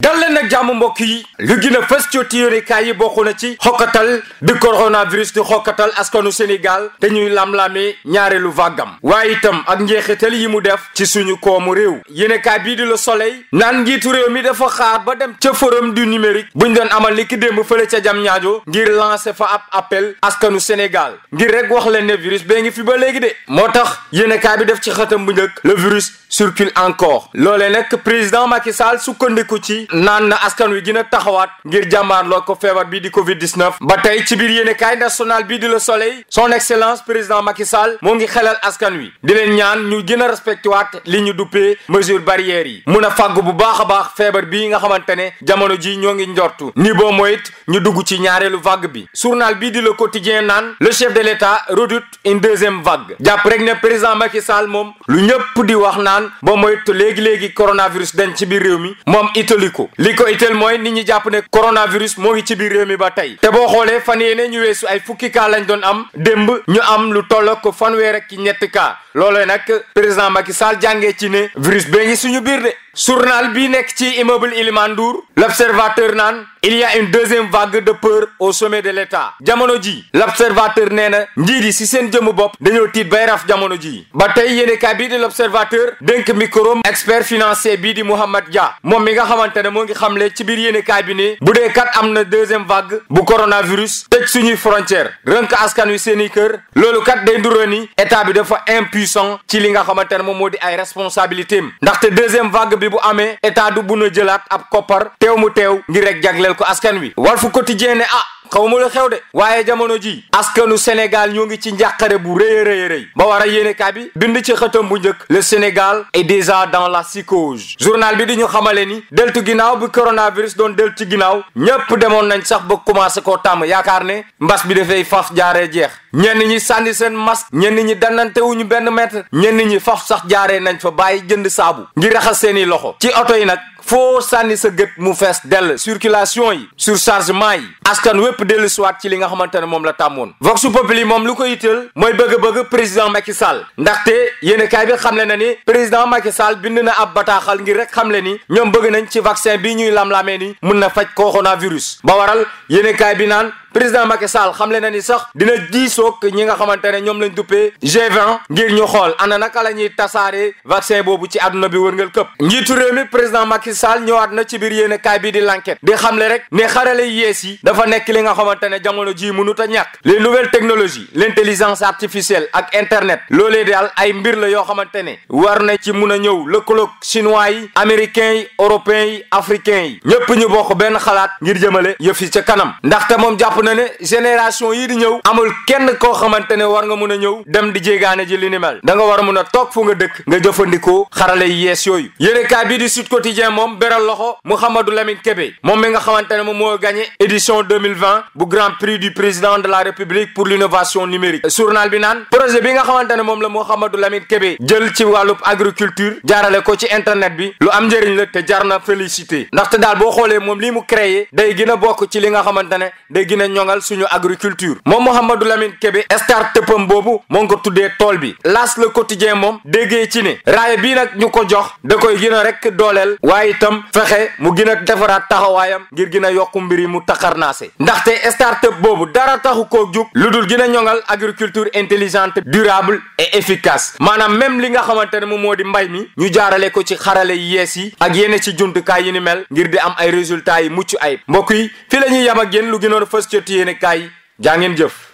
Dale ak jàmm mbokk yi li gën a fës ci yéenekaay yi bokk na ci xokkatal bi coronavirus di xokkatal askanu Sénégal ñuy lam-lamee ñaareelu vàggam waaye itam ak njeexital yi mu def ci suñu koomu réew yéenekaay bii di la Soleil naan njiitu réew mi dafa xaar ba dem ca forum du numérique buñ doon amal ni ki démb fële ca jam ñaajo ngir lancer fa ab appel askanu Sénégal ngir rek wax leen ne virus bee ngi fi ba léegi de moo tax yéenekaay bi def ci xëtam bu njëk le virus circule encore na askan wi gën taxawaat ngir jàmmaarloo ko feebar bi di Covid 19. ba tey ci biir yéenekaay national bi di Le Soleil son excellence président Macky Sall moo ngi xelal askan wi di leen ñaan ñu gën a respecté waat li ñu duppee mesure barrière yi mun a fàgg bu baax a baax feebar bii nga xamante ne jamono ji ñoo ngi njortu ni boo moyit ñu dugg ci ñaareelu vague bi sournal bii di Le Quotidien naan le chef de l'État redoute une deuxième vague jàpp rek ne président Macky Sall moom lu ñëpp di wax naan boo moytu léegi léegi coronavirus dañ ci biir réew mi moom italiku ko ko itteel mooy nit ñi jàpp ne coronavirus moo ngi ci biir réew mi ba tey te boo xoolee fan yéene ñu weesu ay fukki cas lañ doon am démb ñu am lu fan ak fanweer ki ñetti cas loolee nag président Macky Sall jàngee ci ne virus bee ngi suñu biir de. journal Binekti immobile ci immeuble Iliman l'observateur nan, il y a une deuxième vague de peur au sommet de l'État jamono ji l'observateur nee na njiit si seen jëmu bopp dañoo tiit bay raf l'observateur Denk expert financier Bidi di Ya. Dia moom mi nga xamante ne moo ngi xamle ne kat deuxième vague bu coronavirus tëj suñuy frontière rënk askan i kër loolu kat day état bi impuissant ci li nga ay deuxième vague bi bu amee état du bu na jëlaat ab koppar teew mu teew ngir rek jagleel ko askan wi Walf Quotidien ne ah xawma lu xew de waaye jamono ji askanu Sénégal ñoo ngi ci njàqare bu rëy rëy rëy ba war a yéenekaay bi bind ci xëtam bu njëkk le Sénégal est déjà dans la psychose journal bi di ñu xamale ni deltu ginnaaw bi coronavirus doon deltu ginnaaw ñépp demoon nañ sax ba commencé ko tàmm yaakaar ne mbas bi dafay faf jaaree jeex ñenn ñi sànni seen masque ñenn ñi dannante benn mètre ñenn ñi faf sax jaaree nañ fa bàyyi jënd saabu ngir raxas seeni loxo ci oto yi nag Faut sani sa gët mu fess circulation surchargement askan ci li nga la tamone vox populi mom lu ko moy qui président Macky Sall ndaxte kay bi xamle ni président Macky Sall bind na ab ngir rek xamle ni ñom beug nañ vaccin bi ñuy ni na coronavirus ba waral kay bi nan président Macky Sall xamle ni sax dina ñi nga ne lañ nous G20 ngir ñu xol ana naka vaccin bobu ci aduna bi wërngal président Macky Sall ñëwaat na ci biir yéene kaay bi di l'enquête di xamle rek ne xarale yees yi dafa nekk li nga xamante ne jamono ji mënut a ñàkk les nouvelles technologies l'intelligence artificielle ak internet loolee daal ay mbir la yoo xamante ne war na ci mun a ñëw lëkkaloog chinois yi américains yi européens yi africains yi ñëpp ñu bokk benn xalaat ngir jëmale yëf yi ca kanam ndaxte moom jàpp na ne génération yi di ñëw amul kenn koo xamante ne war nga mun a ñëw dem di jéegaane ji li da nga war a mun a toog nga dëkk nga jëfandikoo xarale yees yooyu mom beral loxo Mohamedou Lamine Kébé mom mi nga xamante mom mo gagné édition 2020 bu grand prix du président de la république pour l'innovation numérique journal bi nan projet bi nga xamante mom moom la Mohamedou Lamine Kébé jël ci walup agriculture jaarale ko ci internet bi lu am njëriñ la te jar féliciter. félicité ndaxte daal boo xoolee moom lii mu créé day gën bok ci li nga xamante day gën ñongal suñu agriculture mom Mohamedou Lamine Kébé start-upam boobu moo ngi ko tuddee tool bi las le quotidien mom déggé ci né raaya bi nak ñuko jox da koy gën rek dolel waaye waaye itam fexe mu gën a defaraat taxawaayam ngir gën a yokku mbir yi mu taxarnaase ndaxte startup boobu dara taxu ko jug lu dul gën a ñoŋal agriculture intelligente durable et efficace maanaam même li nga xamante ne moom moo di mbay mi ñu jaarale ko ci xarale yi yees yi ak yenn ci jumtukaay yi ni mel ngir di am ay résultats yi mucc ay mbokk yi fii la ñuy yam ak yéen lu gënoon fës ci yéen kaay jaa ngeen jëf